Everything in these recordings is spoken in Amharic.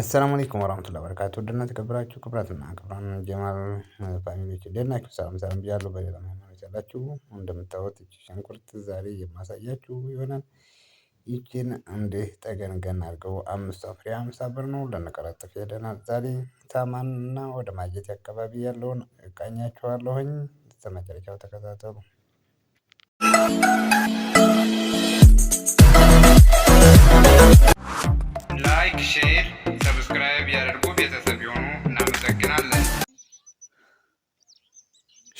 አሰላሙ አለይኩም ወራህመቱላሂ ወበረካቱ ድና ተከብራችሁ ክብራትና ክብራን ጀማል ፋሚሊዎች እንዴት ናችሁ? ሰላም ሰላም ብያለሁ። በሌላ ሃይማኖት ያላችሁ እንደምታወት እቺ ሽንኩርት ዛሬ የማሳያችሁ ይሆናል። ይችን እንዲህ ጠገንገን አድርገው አምስት ፍሬ አምሳ ብር ነው ልንቀረጥፍ ሄደናል። ዛሬ ታማንና ወደ ማጀቴ አካባቢ ያለውን እቃኛችኋለሁኝ። ተመጨረሻው ተከታተሉ። ላይክ ሼር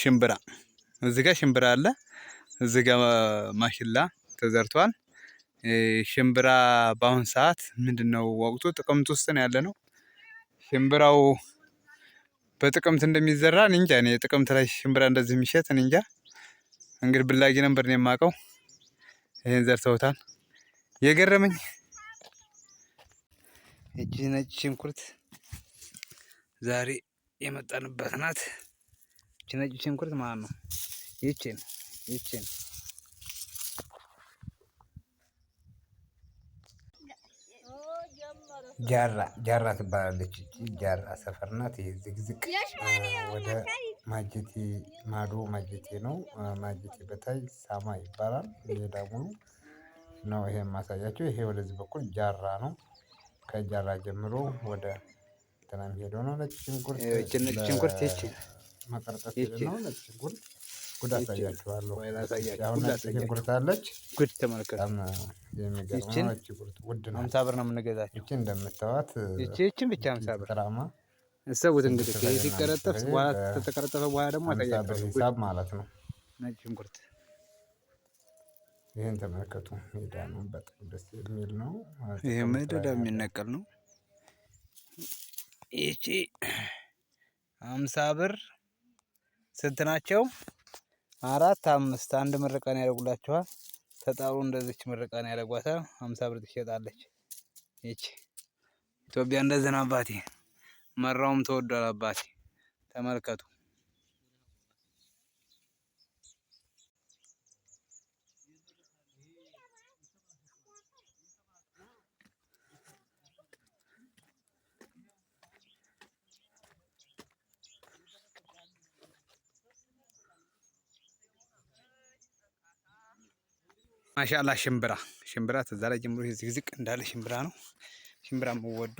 ሽምብራ እዚህ ጋር ሽምብራ አለ። እዚህ ጋር ማሽላ ተዘርቷል። ሽምብራ በአሁን ሰዓት ምንድን ነው ወቅቱ? ጥቅምት ውስጥ ነው ያለ ነው። ሽምብራው በጥቅምት እንደሚዘራ እንጃ። እኔ ጥቅምት ላይ ሽምብራ እንደዚህ የሚሸጥ እንጃ። እንግዲህ ብላጊ ነበር ነው የማውቀው። ይህን ዘርተውታል። የገረመኝ እጅ ነጭ ሽንኩርት ዛሬ የመጣንበት ናት። ይቺ ነጭ ሽንኩርት ማለት ነው። ይቺን ይቺን ጃራ ጃራ ትባላለች። ጃራ ሰፈር ናት። ዝግዝቅ ወደ ማጀቴ ማዶ ማጀቴ ነው። ማጀቴ በታይ ሳማ ይባላል። ይሄ ደግሞ ነው። ይሄ የማሳያቸው ይሄ ወደዚህ በኩል ጃራ ነው። ከጃራ ጀምሮ ወደ ተናም ሄዶ ነው። ነጭ ሽንኩርት ነጭ ሽንኩርት ይቺ መቀርቀር ነው። ሀምሳ ብር ነው የምንገዛቸው። ይቺ እንደምታዋት ብቻ ሀምሳ ብር እሰቡት። እንግዲህ ሲቀረጠፍ ተቀረጠፈ በኋላ ደግሞ ሂሳብ ማለት ነው። ነጭ ሽንኩርት ይህን ተመልከቱ። ሜዳ ነው። በጣም ደስ የሚል ነው። ይህ ምድዳ የሚነቀል ነው። ይቺ ሀምሳ ብር ስንት ናቸው? አራት አምስት። አንድ ምርቃን ያደርጉላችኋል። ተጣሩ እንደዚች ምርቃን ያደርጓታል። ሀምሳ ብር ትሸጣለች። ይች ኢትዮጵያ እንደዘን አባቴ መራውም ተወዷል። አባቴ ተመልከቱ። ማሻላ ሽምብራ ሽምብራ ተዛ ላይ ጀምሮ ዝግዝቅ እንዳለ ሽምብራ ነው። ሽምብራ የምወዱ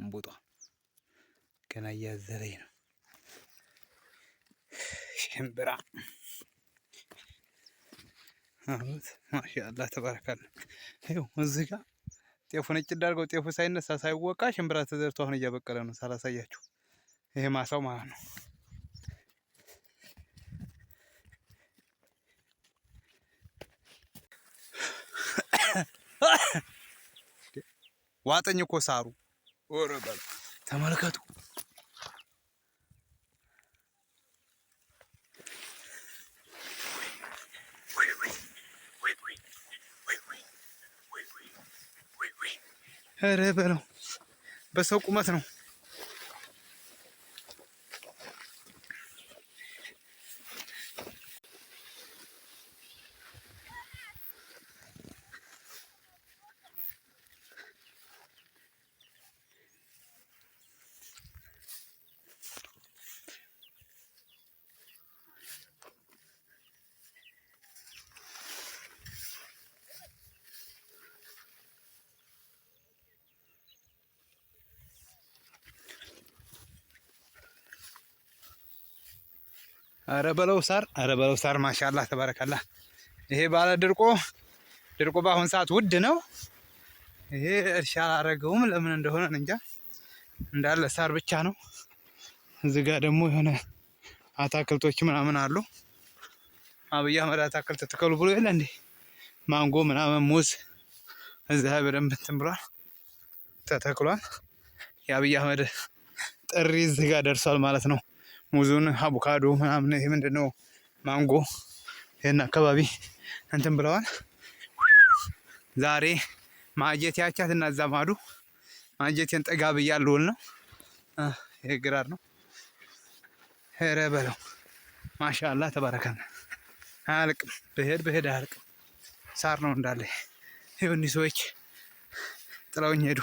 እንቡጧ ገና እያዘለኝ ነው። ሽምብራ አሉት ማሻላ ተባረካል። እዚህ ጋ ጤፉ ነጭ እንዳርገው ጤፉ ሳይነሳ ሳይወቃ ሽምብራ ተዘርቶ አሁን እያበቀለ ነው። ሳላሳያችሁ ይሄ ማሳው ማለት ነው። ዋጠኝ እኮ ሳሩ። ኧረ ተመልከቱ። ኧረ በሰው ቁመት ነው። አረ በለው ሳር፣ አረ በለው ሳር። ማሻላ ተባረካላ። ይሄ ባለ ድርቆ ድርቆ በአሁን ሰዓት ውድ ነው። ይሄ እርሻ አላረገውም ለምን እንደሆነ እንጃ። እንዳለ ሳር ብቻ ነው። እዚህ ጋር ደግሞ የሆነ አታክልቶች ምናምን አሉ። አብይ አህመድ አታክልት ትከሉ ብሎ የለ እንዴ? ማንጎ ምናምን፣ ሙዝ እዚህ በደንብ እንትን ብሏል፣ ተተክሏል። የአብይ አህመድ ጥሪ እዚህ ጋር ደርሷል ማለት ነው። ሙዙን፣ አቮካዶ ምናምን ይሄ ምንድን ነው ማንጎ ይህን አካባቢ እንትን ብለዋል። ዛሬ ማጀት ያቻት እና እዛ ማዶ ማጀቴን ጠጋ ብያለሁ ነው። ይሄ ግራር ነው። ኧረ በለው ማሻአላ ተባረከና አያልቅም። ብሄድ ብሄድ አያልቅም። ሳር ነው እንዳለ ይሁን። ሰዎች ጥለውኝ ሄዱ።